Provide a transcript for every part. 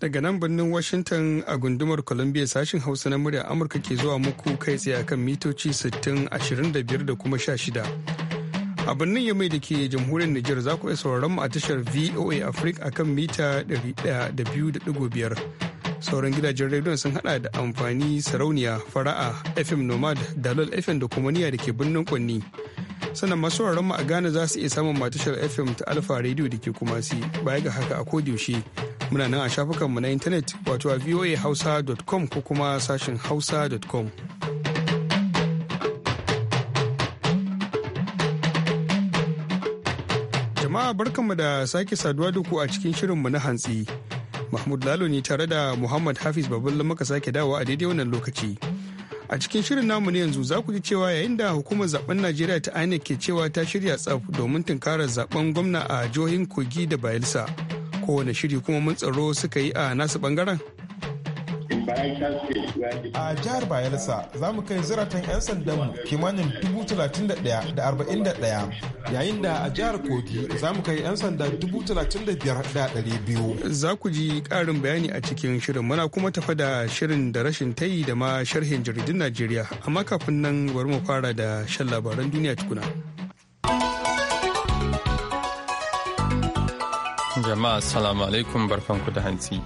daga nan birnin washington a gundumar columbia sashen hausa na murya amurka ke zuwa muku kai tsaye kan mitoci 60 25 da kuma 16 a birnin yamai da ke jamhuriyar niger za ku iya sauraron mu a tashar voa africa akan mita 102.5 sauran gidajen rediyon sun hada da amfani sarauniya fara'a fm nomad dalol fm da kuma niya da ke birnin kwanni sannan masu mu a Ghana za su iya samun matashar FM ta Alfa Radio da ke kuma si baya ga haka a yaushe muna nan a shafukanmu na intanet wato a voahausa.com ko kuma sashin hausa.com. jama'a barkanmu da sake saduwa da ku a cikin shirin mu na hantsi mahmud lalo ne tare da muhammad hafiz babban muka sake dawo a daidai wannan lokaci a cikin shirin namu ne yanzu za ku ji cewa yayin da hukumar zaben najeriya ta inec ke cewa ta shirya tsaf domin tunkarar zaben gwamna a jihohin kogi da bayelsa kowane shiri kuma mun tsaro suka yi a nasu bangaren A jihar Bayelsa za mu kai ziratan 'yan sandanmu kimanin 31,41 yayin da a jihar Kogi za mu kai 'yan sanda 35,200. Za ku ji ƙarin bayani a cikin shirin muna kuma tafa da shirin da rashin tayi da ma sharhin jaridun Najeriya amma kafin nan bari mu fara da shan labaran duniya tukuna. Jama'a salamu alaikum barkanku da hantsi.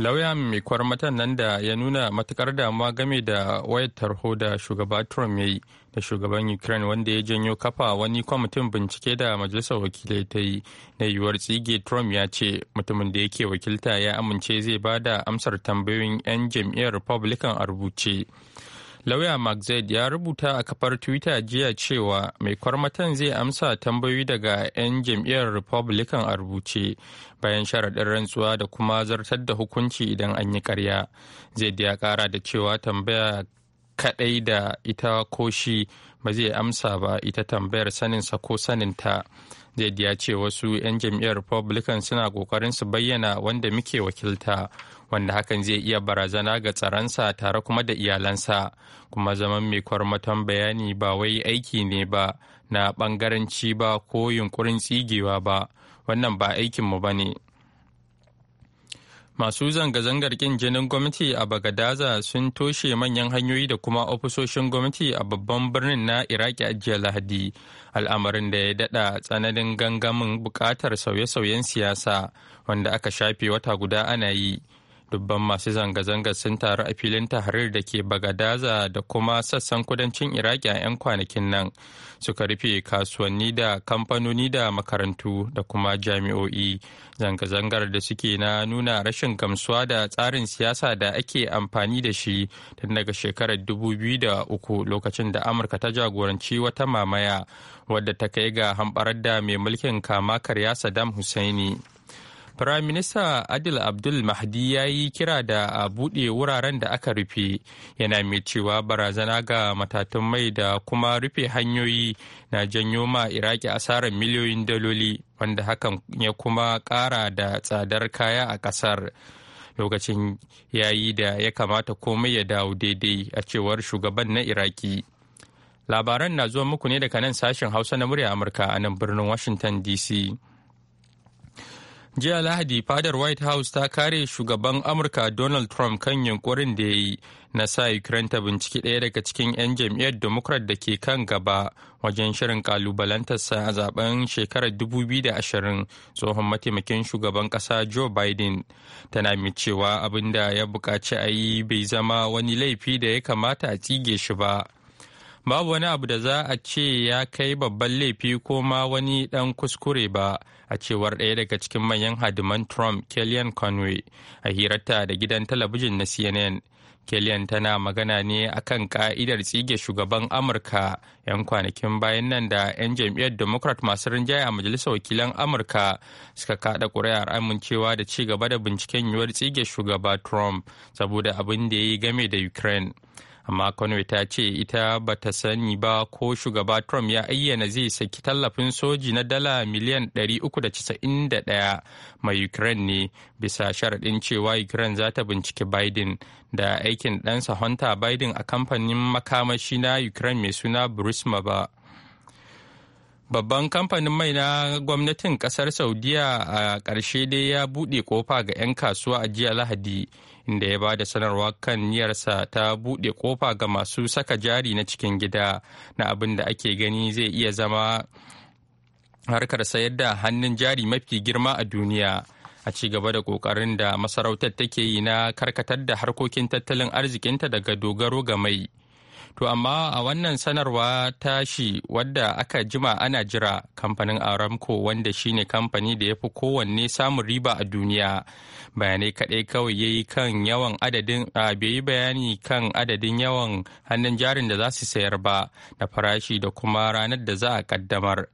lauya mai kwarmatan nan da ya nuna matukar damuwa game da wayar tarho da shugaba trump ya yi da shugaban ukraine wanda ya janyo kafa wani kwamitin bincike da majalisar wakilai ta yi na yiwuwar tsige trump ya ce mutumin da yake wakilta ya amince zai ba da amsar tambayoyin 'yan jam'iyyar republican a rubuce lauya mark zaid ya rubuta a kafar twitter jiya cewa mai kwarmatan zai amsa tambayoyi daga 'yan jam'iyyar republican a rubuce bayan sharaɗin rantsuwa da kuma zartar da hukunci idan an yi karya zaid ya ƙara da cewa tambaya kaɗai da ita ko shi ba zai amsa ba ita tambayar saninsa ko saninta. ta zai ya ce wasu 'yan jam'iyyar republican suna kokarin su bayyana wanda muke wakilta wanda hakan zai iya barazana ga tsaronsa tare kuma da iyalansa kuma zaman mai kwarmaton bayani ba wai aiki ne ba na bangaranci ba ko yunkurin tsigewa ba wannan ba aikinmu ba ne Masu zanga-zangar ƙin jinin gwamnati a Bagadaza sun toshe manyan hanyoyi da kuma ofisoshin gwamnati a babban birnin na Iraki a jiya Lahadi, al'amarin da ya dada tsananin gangamin buƙatar sauye-sauyen siyasa wanda aka shafe wata guda ana yi. dubban masu zanga-zangar sun taru a filin tahrir da ke bagadaza da kuma sassan kudancin iraki a 'yan kwanakin nan suka rufe kasuwanni da kamfanoni da makarantu da kuma jami'o'i zanga-zangar da suke na nuna rashin gamsuwa da tsarin siyasa da ake amfani da shi tun daga shekarar 2003 lokacin da amurka ta jagoranci wata mamaya wadda ta kai ga hamɓarar da mai mulkin kama karya saddam husaini. Firaminista Adil Abdul Mahdi ya yi kira da a buɗe wuraren da aka rufe, yana mai cewa barazana ga matatun mai da kuma rufe hanyoyi na janyo ma Iraki asarar miliyoyin daloli, wanda hakan ya kuma ƙara da tsadar kaya a ƙasar. Lokacin yayi da ya kamata komai ya dawo daidai a cewar shugaban na Iraki. Labaran na zuwa muku ne daga nan sashen Hausa na murya Amurka a nan birnin Washington DC. jiya lahadi fadar white house ta kare shugaban amurka donald trump kan yunkurin da ya yi na sa ukraine ta binciki ɗaya daga cikin 'yan jam'iyyar democrat da ke kan gaba wajen shirin kalubalantarsa a zaben shekarar 2020 tsohon mataimakin shugaban ƙasa joe biden tana mai cewa abin da ya buƙaci a yi bai zama wani laifi da ya kamata a tsige shi ba babu wani abu da za a ce ya kai babban laifi ko ma wani dan kuskure ba a cewar ɗaya daga cikin manyan hadiman trump kellyan conway a hirarta da gidan talabijin na cnn kellyan tana magana ne akan ka'idar tsige shugaban amurka 'yan kwanakin bayan nan da 'yan jam'iyyar democrat masu rinjaye a majalisar wakilan amurka suka kada kuri'ar amincewa da ci gaba da binciken yiwuwar tsige shugaba trump saboda abin da ya yi game da ukraine amma conway ta ce ita ba ta sani ba ko shugaba trump ya ayyana zai saki tallafin soji na dala miliyan 391 mai ukraine ne bisa sharaɗin cewa ukraine za ta binciki biden da aikin ɗansa hunter biden a kamfanin makamashi na ukraine mai suna burisma ba Babban kamfanin mai na gwamnatin kasar Saudiya a ƙarshe dai ya buɗe kofa ga 'yan kasuwa a jiya Lahadi da ya ba da sanarwa kan niyyarsa ta buɗe kofa ga masu saka jari na cikin gida na abin da ake gani zai iya zama harkar sayar da hannun jari mafi girma a duniya a ci gaba da kokarin da masarautar take yi na karkatar da harkokin tattalin arzikinta daga dogaro ga mai To amma a wannan sanarwa tashi wadda aka jima ana jira kamfanin Aramco wanda shine kamfani da ya fi kowanne samun riba a duniya. Bayanai kaɗai kawai ya yi kan yawan adadin yi bayani kan adadin yawan hannun jarin da za su sayar ba na farashi da kuma ranar da za a ƙaddamar.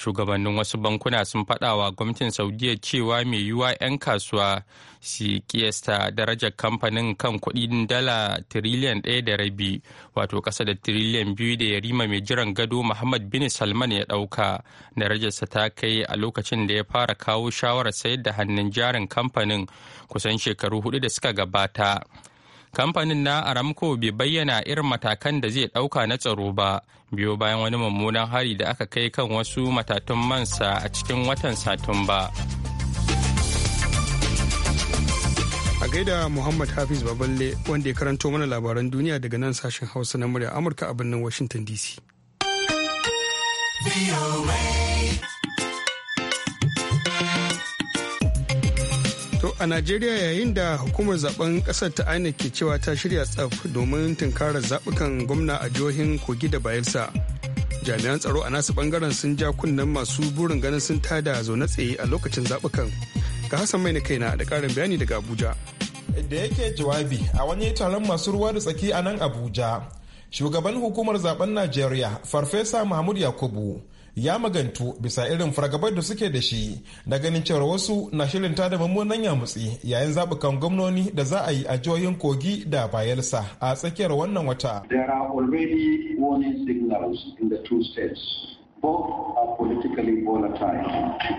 shugabannin wasu bankuna sun wa gwamnatin saudiya cewa mai yiwuwa 'yan kasuwa su kiyasta darajar kamfanin kan kudin dala tiriliyan ɗaya da rabi wato ƙasa da tiriliyan biyu da yarima mai jiran gado muhammad bin salman ya ɗauka darajarsa ta kai a lokacin da ya fara kawo shawarar sayar da hannun jarin kamfanin kusan shekaru hudu da suka gabata kamfanin na aramco bai bayyana irin matakan da zai ɗauka na tsaro ba biyo bayan wani mummunan hari da aka kai kan wasu matatun mansa a cikin watan satumba a gaida muhammad hafiz baballe wanda ya karanto mana labaran duniya daga nan sashen hausa na murya amurka a birnin washington dc To a Najeriya yayin da hukumar zaben kasar ta INEC ke cewa ta shirya tsaf domin tunkarar zaɓukan gwamna a jihohin Kogi da Bayelsa. Jami'an tsaro a nasu bangaren sun ja kunnen masu burin ganin sun tada zaune tsaye a lokacin zaɓukan. Ga Hassan Mai na kaina da ƙarin bayani daga Abuja. Da yake jawabi a wani taron masu ruwa da tsaki a nan Abuja. Shugaban hukumar zaben Najeriya, Farfesa Mahmud Yakubu, ya magantu bisa irin fargabar da suke da shi na ganin cewar wasu na shirin tada mummunan yamutsi yayin zaɓukan gwamnoni da za a yi a jihohin kogi da bayelsa a tsakiyar wannan wata. There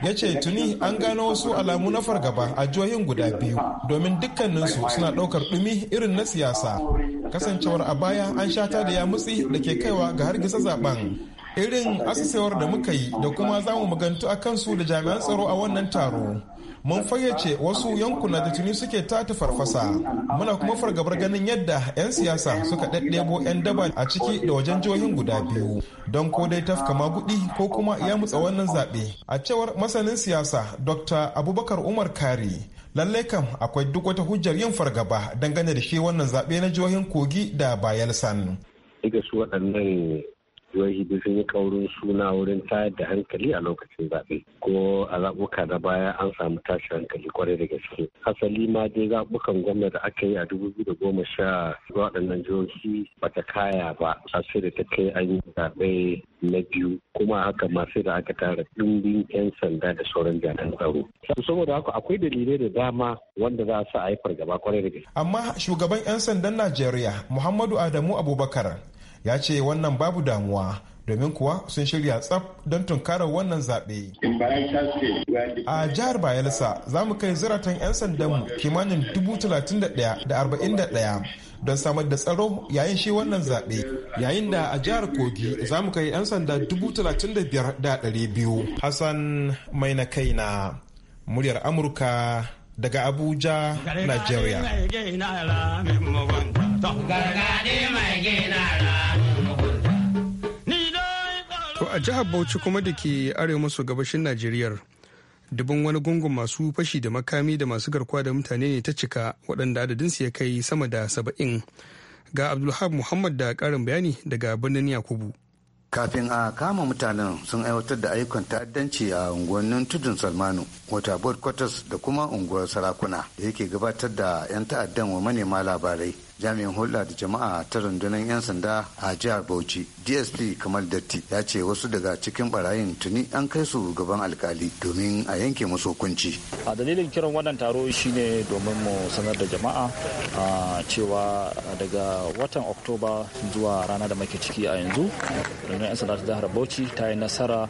ya ce tuni an gano wasu alamu na fargaba a jihohin guda biyu domin dukkaninsu suna ɗaukar ɗumi irin na siyasa kasancewar a baya an shata da yamutsi da ke kaiwa ga hargitsa zaben irin asasewar da muka yi da kuma za mu magantu a kansu da jami'an tsaro a wannan taro mun fayyace wasu yankuna da tuni suke ta farfasa muna kuma fargabar ganin yadda 'yan siyasa suka ɗaɗɗebo 'yan daba a ciki da wajen jihohin guda biyu don ko dai tafka maguɗi ko kuma ya mutsa wannan zaɓe a cewar masanin siyasa dr abubakar umar kari lallai kam akwai duk wata hujjar yin fargaba dangane da shi wannan zaɓe na jihohin kogi da bayelsan. jihohi sun yi kaurin suna wurin tayar da hankali a lokacin zaɓe ko a zaɓuka na baya an samu tashin hankali kwarai da gaske asali ma dai zaɓukan gwamna da aka yi a dubu biyu da goma sha waɗannan jihohi bata kaya ba a sai da ta kai an yi zaɓe na biyu kuma haka masu da aka tara ɗimbin 'yan sanda da sauran jami'an tsaro saboda haka akwai dalilai da dama wanda za a sa a yi fargaba kwarai da gaske amma shugaban 'yan sandan najeriya muhammadu adamu abubakar ya ce wannan babu damuwa domin kuwa sun shirya tsaf don tunkarar wannan zaɓe. A jihar Bayelsa za mu kai ziratan 'yan sandanmu kimanin 31,041 don samar da tsaro yayin shi wannan zaɓe yayin da a jihar Kogi za mu kai 'yan sanda 35,200. Hassan mai na kai na muryar Amurka daga Abuja, Nigeria. To a jihar Bauchi kuma da ke arewa maso gabashin Najeriya. Dubin wani gungun masu fashi da makami da masu garkuwa da mutane ne ta cika waɗanda adadinsu ya kai sama da saba'in. Ga Abdulhab Muhammad da ƙarin bayani daga birnin Yakubu. kafin a kama mutanen sun aiwatar da ayyukan ta'addanci a unguwannin tudun salmanu wata Bord quarters da kuma unguwar sarakuna da yake gabatar da 'yan ta'addan wa manema labarai jami'in hulɗa da jama'a ta rundunar 'yan sanda a jihar bauchi dsp kamal datti ya ce wasu daga cikin barayin tuni an kai su gaban alkali domin a yanke musu hukunci a dalilin kiran wannan taro shine domin mu sanar da jama'a a cewa daga watan oktoba zuwa rana da muke ciki a yanzu rundunar 'yan sanda ta jihar bauchi ta yi nasara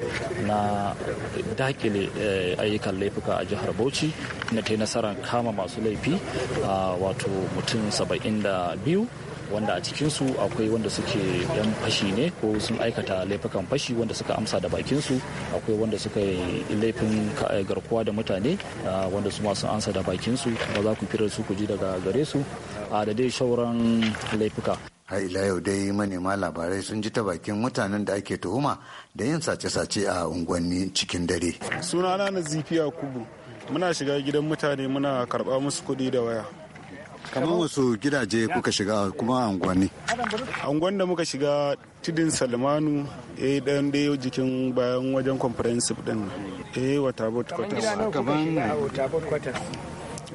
na dakile eh, ayyukan laifuka a jihar bauchi na ta yi nasarar kama masu laifi wato mutum saba'in da biyu wanda a cikinsu akwai wanda suke yan fashi ne ko sun aikata laifukan fashi wanda suka amsa da bakinsu akwai wanda suka yi laifin eh, garkuwa da mutane ah, wanda su masu amsa da bakinsu ba za ku firar su ku ji daga gare su a da dai shauran laifuka har ila yau dai manema labarai sun ji ta bakin mutanen da ake tuhuma da yin sace-sace a unguwanni cikin dare sunana na zifiya kubu muna shiga gidan mutane muna karba musu kuɗi da waya kamar wasu gidaje kuka shiga kuma unguwanni unguwan da muka shiga tudin salmanu eh ɗan da jikin bayan wajen comprehensive din eh wata bot quarters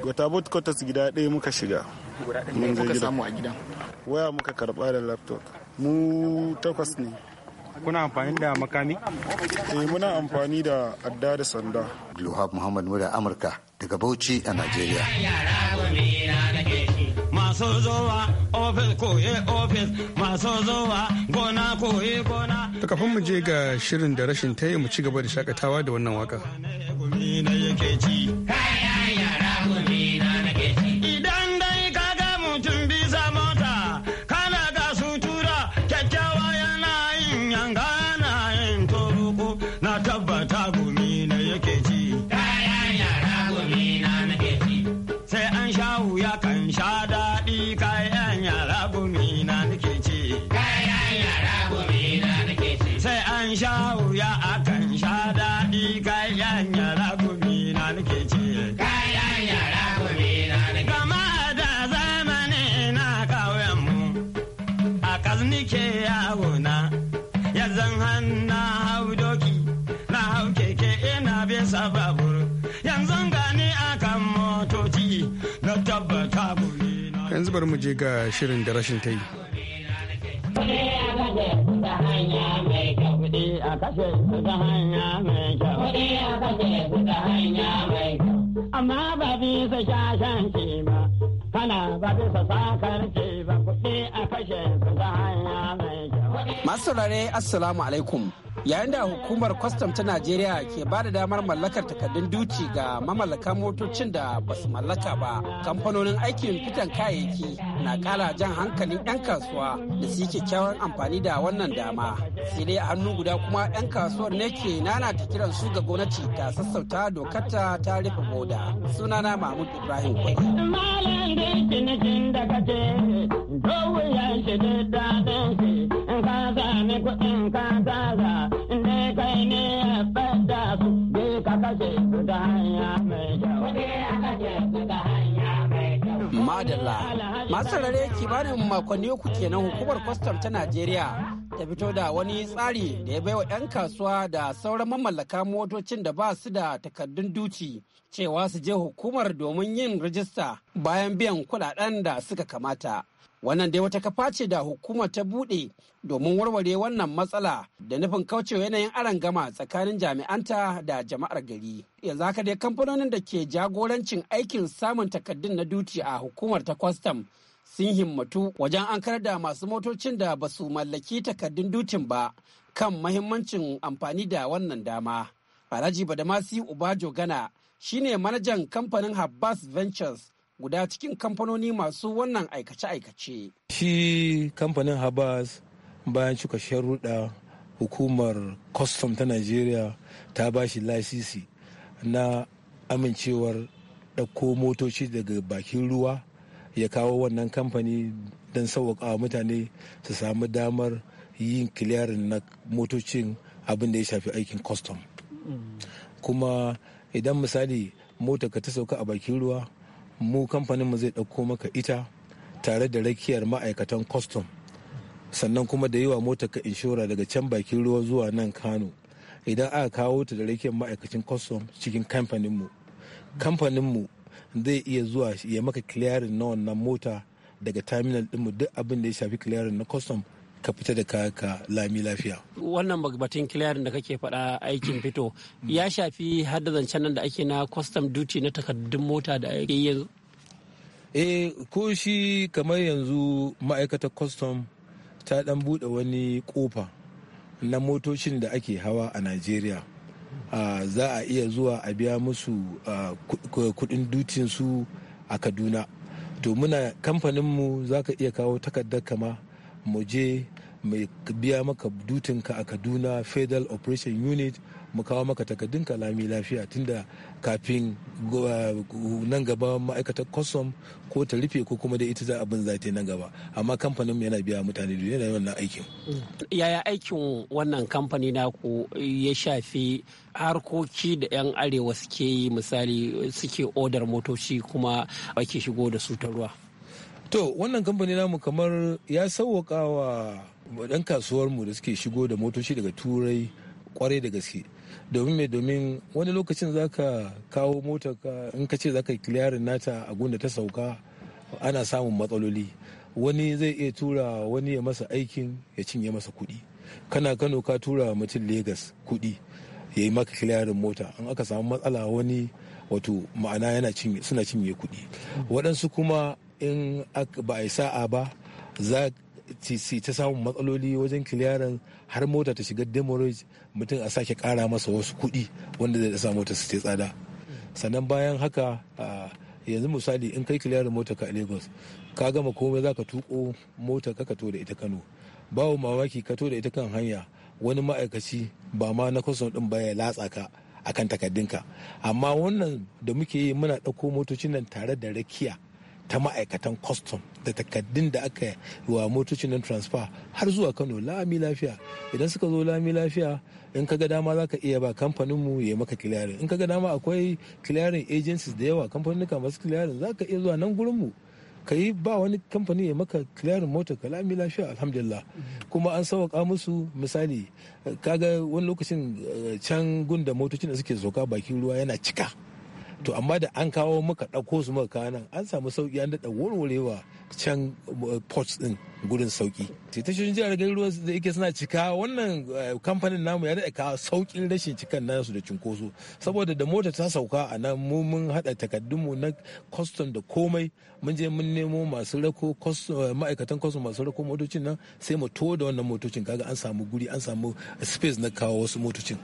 wata bot quarters gida ɗaya muka shiga mun zai gida waya muka karɓa da laptop mu takwas ne kuna amfani da makami? eh muna amfani da adda da sanda. Abdulwahab Muhammad Mura Amurka daga Bauchi a Najeriya. masu zuwa ofis koye ofis masu zuwa gona koye gona. Ta kafin mu je ga shirin da rashin tayi mu ci gaba da shakatawa da wannan waka. bari mu je ga shirin da rashin ta yi. Amma ba bisa shashan ce ba, kana ba bisa sakar ce ba kuɗi a kashe su ta hanya mai kyau. Masu rare Assalamu alaikum. yayin da hukumar kwastam ta najeriya ke ba da damar mallakar takardun duci ga mamallaka motocin da ba su mallaka ba kamfanonin aikin fitan kayayyaki na kala jan hankalin 'yan kasuwa da su yi kyakkyawan amfani da wannan dama sai dai a hannu guda kuma 'yan kasuwar ne ke nana ta kiran su ga gwamnati ta sassauta dokar ta ta rufe boda sunana mahmud ibrahim kwai Malam da daɗin nemi kuɗin ka tara inda kai ne ya fada su kashe su hanya mai kyau. kashe su ta hanya makonni uku kenan hukumar kwastam ta Najeriya ta fito da wani tsari da ya baiwa 'yan kasuwa da sauran mamallaka motocin da ba su da takardun duci cewa su je hukumar domin yin rajista bayan biyan kudaden da suka kamata. Wannan dai wata kafa ce da hukuma ta buɗe domin warware wannan matsala da nufin kaucewa yanayin aron gama tsakanin jami'anta da jama'ar gari. Yanzu haka dai kamfanonin da ke jagorancin aikin samun takardun na duti a hukumar ta kwastam sun himmatu wajen an kar da masu motocin da ba su mallaki takardun dutin ba kan mahimmancin amfani da wannan dama. Alhaji Badamasi Ubajo Gana shine manajan kamfanin habas Ventures guda cikin kamfanoni masu wannan aikace-aikace. Shi kamfanin Habas bayan cika sharuɗa hukumar custom ta Najeriya ta ba shi lasisi na amincewar ɗauko motoci daga bakin ruwa ya kawo wannan kamfani don sauwaƙa mutane su samu damar yin kiliyarin na motocin abin da ya shafi aikin custom. Mm. Kuma idan misali mota ka ta sauka a bakin ruwa mu kamfanin mu zai ɗauko maka ita tare da rakiyar ma'aikatan kwastom sannan kuma da yawa mota ka inshora daga can bakin ruwa zuwa nan kano idan aka kawo ta da rakiyar ma'aikacin kwastom cikin mu kamfanin mu zai iya zuwa ya maka clearing na wannan mota daga terminal ɗinmu duk abin da ya shafi clearing na kwastom ka fita da ka lami lafiya. Wannan batun kilayar da kake faɗa aikin fito ya shafi hada zancen nan da ake na custom duty na takardun mota da ake yanzu? Eh ko shi kamar yanzu ma'aikatar custom ta dan buɗe wani kofa na motocin da ake hawa a Najeriya. za a iya zuwa a biya musu kuɗin dutinsu a Kaduna. To muna kamfaninmu za ka iya kawo takardar kama mu je mai biya maka dutinka a kaduna federal operation unit mu kawo maka takardun lami lafiya tunda kafin uh, nan gaba ma'aikatar custom ko ta rufe ko kuma da ita za abin za ta nan gaba amma kamfanin yana biya mutane da yana yawan wannan aikin yaya aikin wannan kamfani ku ya shafi harkoki da 'yan arewa suke yi misali suke odar motoci kuma ake shigo da su ta ruwa to wannan kamfani namu kamar ya sauwaka wa ɗan mu da suke shigo da motoci daga turai kwarai da gaske domin mai domin wani lokacin za ka kawo mota in ka ce za ka kiliyarin nata a gunda ta sauka ana samun matsaloli wani zai iya tura wani ya masa aikin ya cinye masa kuɗi kana kano ka tura mutum legas kuɗi ya yi maka kiliyarin mota in aka samu matsala wani wato ma'ana yana suna cinye kuɗi waɗansu kuma in ba a yi sa'a ba za ci ta samun matsaloli wajen kiliyaran har mota ta shiga demorage mutum a sake kara masa wasu kuɗi wanda zai sa mota su tsada sannan bayan haka yanzu misali in kai kiliyaran mota ka lagos ka gama komai za ka tuko mota ka kato da ita kano bawo mamaki kato da ita kan hanya wani ma'aikaci ba ma na kwasan din ba ya latsa ka akan takaddinka amma wannan da muke yi muna ɗauko motocin nan tare da rakiya ta ma'aikatan kwastam da takaddun da aka wa motocin nan transfer har zuwa kano lami lafiya idan suka zo lami lafiya in ka ga dama za ka iya ba kamfanin mu ya maka clearing in ka ga dama akwai clearing agencies da yawa kamfanin masu clearing za ka iya zuwa nan gurin mu ka yi ba wani kamfani ya maka clearing mota ka lami lafiya alhamdulillah kuma an sauka musu misali kaga wani lokacin eh, can gunda motocin da suke zoka bakin ruwa yana cika to amma da an kawo muka ɗauko su muka kawo nan an samu sauki an daɗa warwarewa can uh, ports din. gudun sauki sai jihar jiragen ruwa da yake suna cika wannan eh, kamfanin namu ya daɗa kawo saukin rashin cikan nasu da cunkoso saboda da mota ta sauka a nan mu mun haɗa takaddunmu na kwastom da komai mun je mun nemo masu rako eh, ma'aikatan kwastom masu rako motocin nan sai mu to da wannan motocin kaga an samu guri an samu space na kawo wasu motocin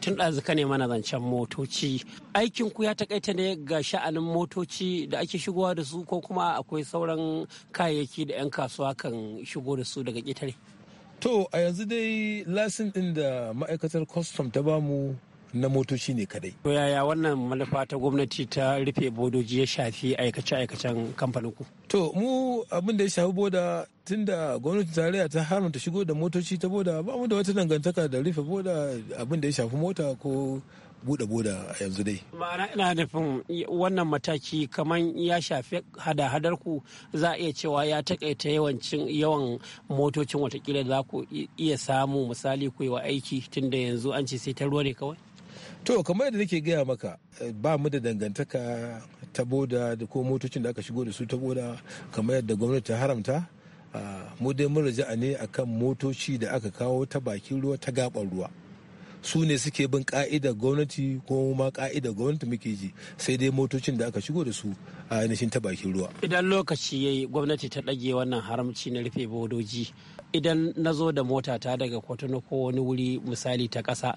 tun ɗazuka ne mana zancen motoci aikin ku ya taƙaita ne ga sha'anin motoci da ake shigowa da su ko kuma akwai sauran kayayyaki da 'yan kasuwa kan shigo da su daga ƙetare? To a yanzu dai lasin ɗin da ma'aikatar kwastam ta bamu na motoci ne kadai. To yaya wannan manufa ta gwamnati ta rufe bodoji ya shafi aikace-aikacen kamfanin ku? To mu abin da ya shafi boda tunda gwamnatin tarayya ta haramta shigo da motoci ta boda ba mu da wata dangantaka da rufe boda abin da ya shafi mota ko buɗe bude a yanzu dai. Ma'ana ina nufin wannan mataki kamar ya shafi hada-hadar ku za a iya cewa ya takaita yawancin yawan motocin watakila za ku iya samu misali ku yi wa aiki tunda yanzu an ce sai ta ruwa ne kawai. To kamar yadda nake gaya maka ba mu da dangantaka ta boda da ko motocin da aka shigo da su ta boda kamar yadda gwamnati ta haramta ah, mu dai mun a ne akan motoci da aka kawo ta bakin ruwa ta gaban ruwa. su ne suke bin ka'idar gwamnati ko ma ka'idar gwamnati muke ji sai dai motocin da aka shigo da su a ainihin ta bakin ruwa idan lokaci ya yi gwamnati ta ɗage wannan haramci na rufe bodoji idan na zo da mota ta daga kwatano ko wani wuri misali ta ƙasa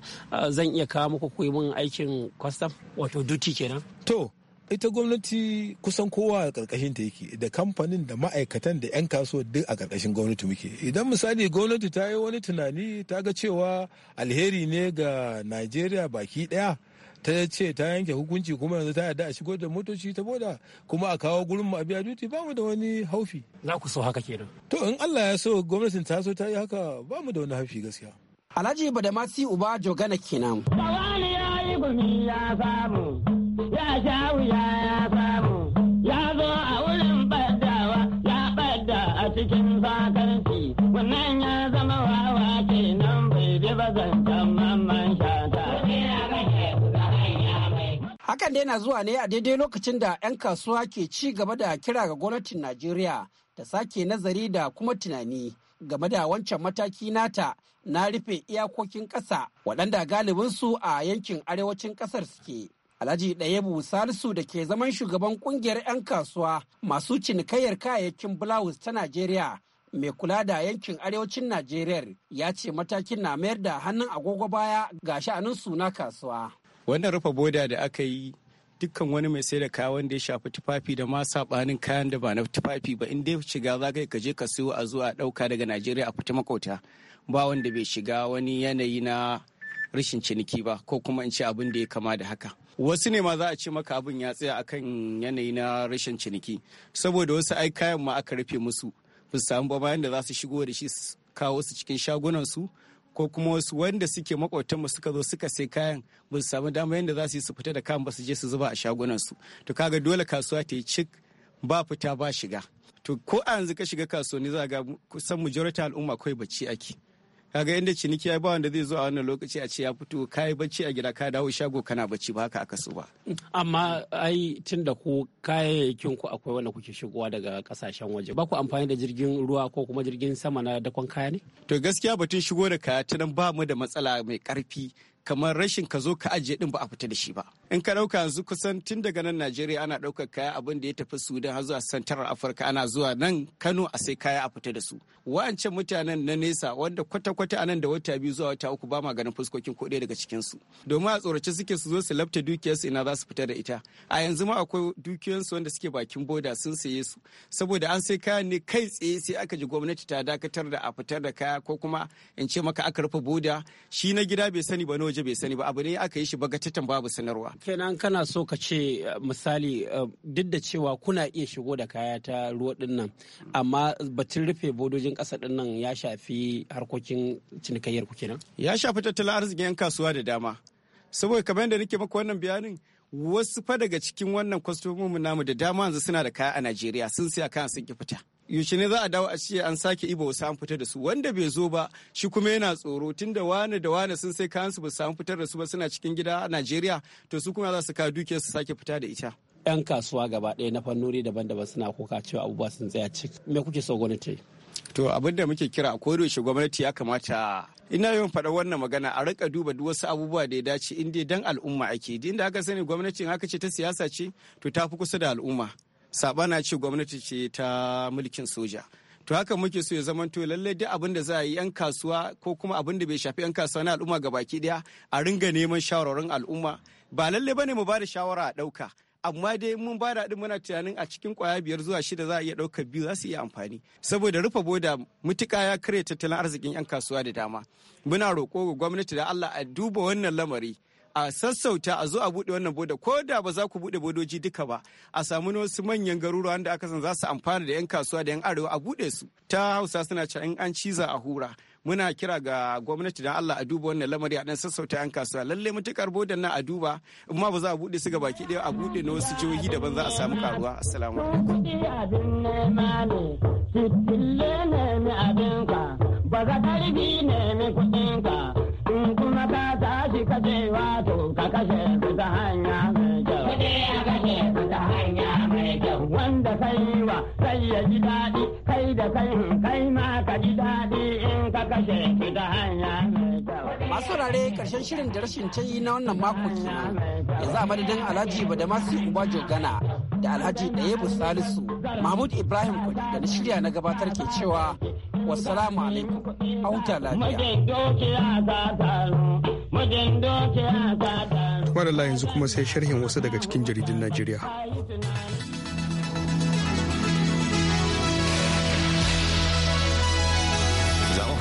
zan iya kawo muku ku mun aikin kwastam wato duty kenan to ita gwamnati kusan kowa a ƙarƙashin ta yake da kamfanin da ma'aikatan da 'yan kasuwa duk a ƙarƙashin gwamnati muke idan misali gwamnati ta yi wani tunani ta ga cewa alheri ne ga najeriya baki daya ta ce ta yanke hukunci kuma yanzu ta yarda a shigo da motoci ta boda kuma a kawo gurin mu a biya duty ba mu da wani haufi za ku so haka kenan to in Allah ya so gwamnatin ta so ta yi haka ba mu da wani haufi gaskiya Alhaji Badamasi Uba Jogana kenan. ya yi gumi ya samu. sha ya samu ya zo a wurin baddawa ya badda a cikin sakarci wannan ya zama wawa nan bai bi mamman Hakan dai na zuwa ne a daidai lokacin da 'yan kasuwa ke ci gaba da kira ga gwamnatin Najeriya da sake nazari da kuma tunani game da wancan mataki nata na rufe iyakokin ƙasa waɗanda galibinsu a yankin arewacin ƙasar suke. Alhaji bu Salisu da ke zaman shugaban kungiyar 'yan kasuwa masu cinikayyar kayayyakin bulawus ta Najeriya mai kula da yankin arewacin Najeriya ya ce matakin na mayar da hannun agogo baya ga sha'anin suna kasuwa. Wannan rufe boda da aka yi dukkan wani mai sai da kaya wanda ya shafi tufafi da ma sabanin kayan da ba na tufafi ba in dai shiga za ka je ka siyo a zuwa ɗauka daga Najeriya a fita makauta ba wanda bai shiga wani yanayi na rashin ciniki ba ko kuma in ce abin da ya kama da haka wasu ne ma za a ce maka abin ya tsaya akan yanayi na rashin ciniki saboda wasu ai kayan ma aka rufe musu ba su samu ba bayan da za su shigo da shi kawo su cikin shagunan su ko kuma wasu wanda suke mu suka zo suka sai kayan ba su samu dama yanda za su yi su fita da kayan ba su je su zuba a shagunan su to kaga dole kasuwa ta yi cik ba fita ba shiga to ko a yanzu ka shiga kasuwanni za ga kusan majority al'umma kawai bacci ake kaga inda ciniki ya ba wanda zai zo a wannan lokaci a ce ya fito kai bacci a gida ka dawo shago kana bacci ba haka aka so ba amma ai tun da ku kayayyakin ku akwai wanda kuke shigowa daga kasashen waje ba ku amfani da jirgin ruwa ko kuma jirgin sama na dakon kaya ne to gaskiya batun shigo da kaya tunan ba mu da matsala mai karfi kamar rashin ka zo ka ajiye din ba a fita da shi ba in ka dauka yanzu kusan tun daga nan Najeriya ana daukar kaya abin da ya tafi Sudan har zuwa santarar Afirka ana zuwa nan Kano a sai kaya a fita da su wancan mutanen na nesa wanda kwata-kwata anan da wata biyu zuwa wata uku ba ma ganin fuskokin ko daga cikin su domin a tsorace suke su zo su lafta dukiyarsu ina za su fita da ita a yanzu ma akwai su wanda suke bakin boda sun saye su saboda an sai kaya ne kai tsaye sai aka ji gwamnati ta dakatar da a fitar da kaya ko kuma in ce maka aka rufe boda shi na gida bai sani ba waje bai sani ba abu ne aka yi shi bagatatan babu sanarwa kenan kana so ka ce eh, misali eh, duk da cewa kuna iya shigo da kaya ta ruwa dinnan amma batun rufe bodojin kasa dinnan ya shafi harkokin cinikayyar ku kenan ya shafi tattalin arzikin 'yan kasuwa da dama saboda kamar da nake maka wannan bayanin wasu fa daga cikin wannan kwastomomin namu da dama yanzu suna da kaya a Najeriya sun siya kayan sun ki fita yaushe ne za a dawo a ce an sake ibo wasu an fitar da su wanda bai zo ba shi kuma yana tsoro tunda wane da wane sun sai kayan su ba su fitar da su ba suna cikin gida a Najeriya to su kuma za su kawo dukiyar su sake fita da ita. 'Yan kasuwa gaba ɗaya na fannoni daban-daban suna kuka cewa abubuwa sun tsaya cik. Me kuke so gwamnati? To abin da muke kira a da gwamnati ya kamata ina yawan faɗa wannan magana a rika duba duk wasu abubuwa da ya dace inda dan al'umma ake inda aka sani gwamnatin haka ce ta siyasa ce to ta fi kusa da al'umma. sabana ce gwamnati ce ta mulkin soja to haka muke so ya zama to lallai duk abin da za a yi yan kasuwa ko kuma abin da bai shafi yan kasuwa na al'umma baki daya a ringa neman shawararin al'umma ba lallai bane mu bada shawara a ɗauka amma dai mun ba da muna tunanin a cikin kwaya biyar zuwa shida za a iya ɗaukar biyu za su iya amfani saboda rufe boda mutuka ya kare tattalin arzikin 'yan kasuwa da dama muna roƙo ga gwamnati da allah a duba wannan lamari a sassauta a zo a buɗe wannan boda ko da ba za ku buɗe bodoji duka ba a samu wasu manyan garuruwan da aka san za su amfana da 'yan kasuwa da 'yan arewa a buɗe su ta hausa suna cewa an ciza a hura muna kira ga gwamnati da Allah a duba wannan lamari a dan sassauta yan kasuwa lalle mutukar bodan nan a duba amma ba za a bude su ga baki ɗaya a bude na wasu jihohi daban za a samu karuwa assalamu alaikum ba za ka ne kuɗinka in kuma ka tashi ka ce wato ka kashe su ta hanya mai kyau. Kuɗi a kashe su ta hanya mai kyau. Wanda ka yi wa sai ya ji daɗi kai da kai kai ma ka ji daɗi in ka kashe su ta hanya mai kyau. Masu saurare karshen shirin da rashin yi na wannan mako kenan. Yanzu a madadin Alhaji Badamasi Uba Jogana da Alhaji Ɗayebu Salisu Mahmud Ibrahim Kudi da na shirya na gabatar ke cewa Wassalamu alaikum. A huta lafiya. Kuma da yanzu kuma sai sharhin wasu daga cikin jaridun Najeriya.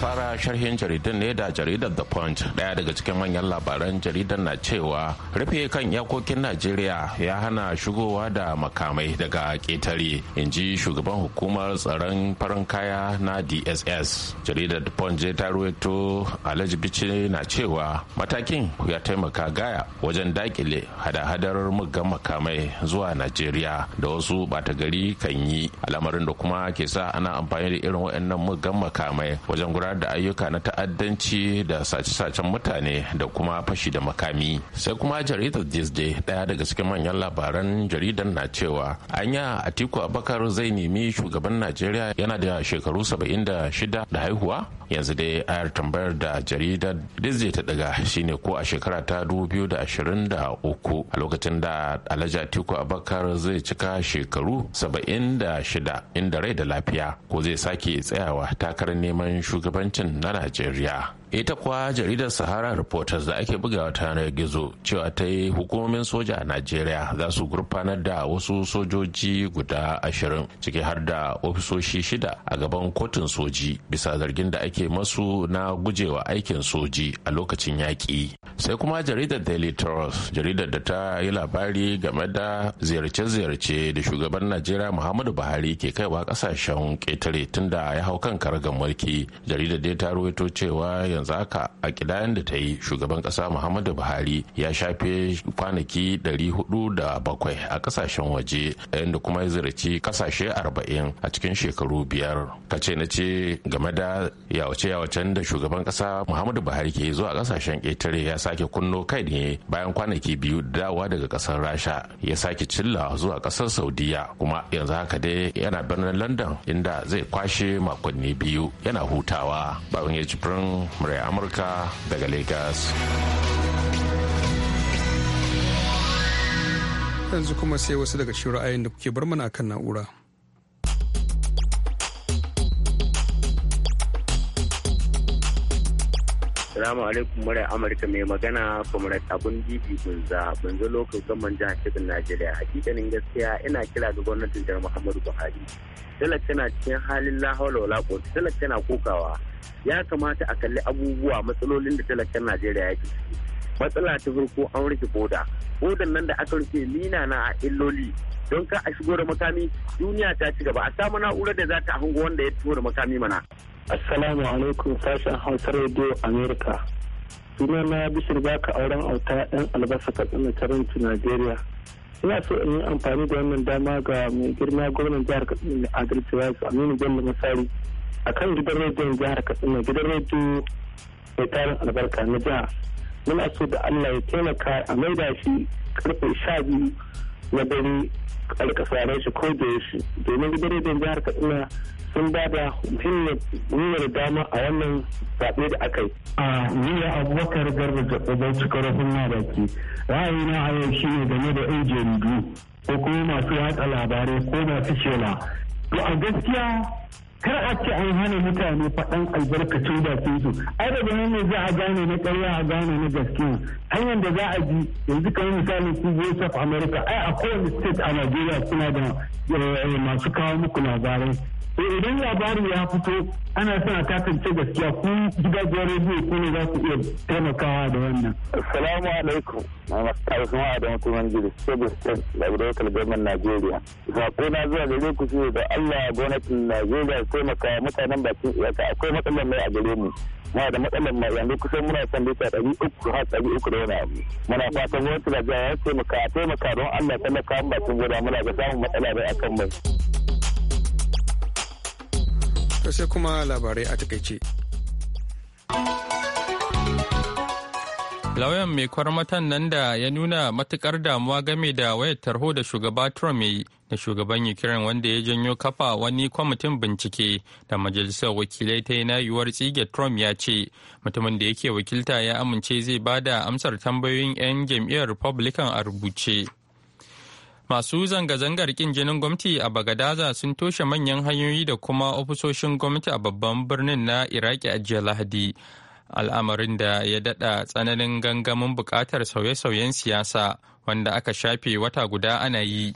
fara sharhin jaridan ne da jaridar The Punch. Daya daga cikin manyan labaran jaridar na cewa rufe kan iyakokin Najeriya ya hana shigowa da makamai daga ƙetare, in ji shugaban hukumar tsaron farin kaya na DSS. Jaridar The Punch ta ruwaito alajibici na cewa matakin ya taimaka gaya wajen dakile hada-hadar muggan makamai zuwa Najeriya da wasu bata gari kan yi al'amarin da kuma ke sa ana amfani da irin waɗannan muggan makamai wajen gudanar horar da ayyuka na ta'addanci da sace-sacen mutane da kuma fashi da makami sai kuma jaridar disney daya daga cikin manyan labaran jaridar na cewa anya atiku abakar zai nemi shugaban najeriya yana da shekaru 76 da haihuwa yanzu dai ayar tambayar da jaridar disney ta daga shine ko a shekara ta 2023 a lokacin da alhaji atiku abakar zai cika shekaru 76 inda rai da lafiya ko zai sake tsayawa takarar neman shugaban Clinton na Najeriya. ita kuwa jaridar sahara reporters da ake bugawa ta yanar gizo cewa ta yi hukumomin soja a najeriya za su gurfanar da wasu sojoji guda ashirin ciki har da ofisoshi shida a gaban kotun soji bisa zargin da ake masu na gujewa aikin soji a lokacin yaƙi sai kuma jaridar daily trust jaridar da ta yi labari game da ziyarce-ziyarce da shugaban najeriya muhammadu buhari ke kaiwa kasashen ƙetare tun da ya hau kan karagar mulki jaridar dai ta ruwaito cewa yanzu haka a kidayen da ta yi shugaban kasa muhammadu buhari ya shafe kwanaki 407 a kasashen waje yayin kuma ya ziyarci kasashe 40 a cikin shekaru biyar kace na ce game da yawace yawacen da shugaban kasa muhammadu buhari ke zuwa kasashen ƙetare ya sake kunno kai ne bayan kwanaki biyu dawa daga kasar rasha ya sake cilla zuwa kasar saudiya kuma yanzu haka dai yana birnin london inda zai kwashe makonni biyu yana hutawa bayan ya ci murai amurka daga lagos yanzu kuma sai wasu daga cikin ra'ayin da kuke bar mana kan na'ura Salamu alaikum murai Amurka mai magana kuma Abun Bibi Bunza zo lokacin Government Jihar Kebbi Najeriya. Hakikanin gaskiya ina kira ga gwamnatin jihar Muhammadu Buhari. Talak tana cikin halin lahawar wala talak tana kokawa. ya kamata a kalli abubuwa matsalolin da talakan najeriya yake matsala ta farko an rufe koda kodan nan da aka rufe nina na a illoli don ka a shigo da makami duniya ta ci gaba a samu na'urar da za ta hango wanda ya fito da makami mana assalamu alaikum sashen hausa radio america suna na bishir baka auren auta ɗan albasa katsina taranci najeriya ina so in yi amfani da wannan dama ga mai girma gwamnan jihar katsina adalci wasu aminu bello masari a kan gidan rediyon jihar katsina gidan rediyo mai tarin albarka na jiha muna so da allah ya taimaka a maida shi karfe sha biyu na dare karka shi ko da yaushe domin gidan rediyon jihar katsina sun ba da muhimmiyar dama a wannan zaɓe da aka yi. A jiya abubakar garba zaɓe bai ci karfin madaki. Ra'ayina a yau shi ne game da 'yan jaridu ko kuma masu yatsa labarai ko masu shela. To a gaskiya kar a ce an hana mutane faɗan albarkacin bakin su ai daga nan ne za a gane na ƙarya a gane na gaskiya hanyar da za a ji yanzu kamar misalin ku voice of america ai a kowane state a nigeria suna da eh, masu kawo muku labarai to eh, idan labarin ya fito ana son a kasance gaskiya ku gidajen rediyo ku ne za ku iya taimakawa da wannan. Assalamu alaikum. Muhammad Karisma Adamu Tuman Gidi, Kebbi State, Labrador Kalgaman Najeriya. Sako na zuwa gare ku shi da Allah gwamnatin Najeriya taimaka mutanen bakin iyaka akwai matsalar mai a gare mu. Muna da matsalar mai yanzu kusan muna son lita ɗari uku har ɗari uku da wani abu. Muna fatan gwamnatin Najeriya ya taimaka a taimaka don Allah taimaka bakin gida muna ga samun matsala mai akan mai. To sai kuma labarai a takaice. Lauyan mai kwarmatan nan da ya nuna matukar damuwa game da wayar tarho da shugaba Trump yi da shugaban Ukraine wanda ya janyo kafa wani kwamitin bincike da majalisar wakilai ta yi nayuwar tsige Trump ya ce mutumin da yake wakilta ya amince zai bada amsar tambayoyin 'yan jam'iyyar Republican a rubuce. Masu zanga-zangar kin jinin gwamnati a Bagadaza sun toshe manyan hanyoyi da kuma ofisoshin gwamnati a babban birnin na Iraki a jiya Lahadi. Al'amarin da ya daɗa tsananin gangamin buƙatar sauye-sauyen siyasa wanda aka shafe wata guda ana yi.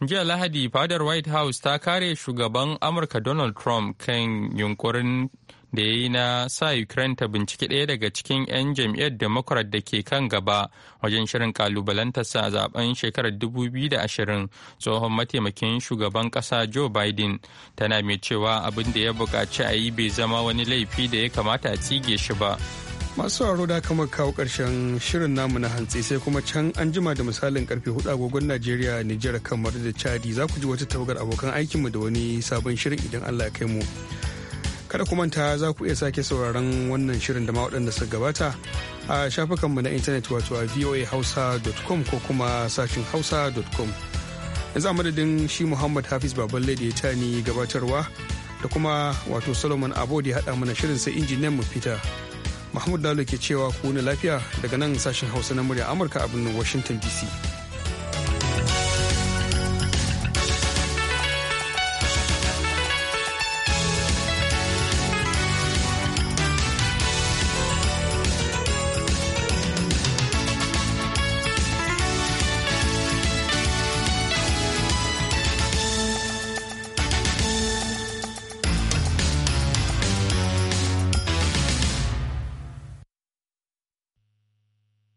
jiya lahadi fadar white house ta kare shugaban amurka donald trump kan yunkurin da ya yi na sa ukraine ta binciki ɗaya daga cikin 'yan jam'iyyar democrat da ke kan gaba wajen shirin kalubalantarsa a zaben shekarar 2020 tsohon mataimakin shugaban ƙasa joe biden tana mai cewa abin da ya buƙaci a yi bai zama wani laifi da ya kamata a tsige shi ba masu aro da kama kawo karshen shirin namu na hantsi sai kuma can an jima da misalin karfe hudu agogon najeriya nijar kamar da chadi za ku ji wata tawagar abokan aikinmu da wani sabon shirin idan allah ya kai mu kada ku manta za ku iya sake sauraron wannan shirin da ma waɗanda suka gabata a shafukanmu na intanet wato a voahausa.com ko kuma sashin hausa.com yanzu a madadin shi muhammad hafiz baballe da ya ta ni gabatarwa da kuma wato solomon abo da ya haɗa mana shirin sai injiniyan mu fita mahmud lalo ke cewa ku lafiya daga nan sashin hausa na murya amurka a birnin washington dc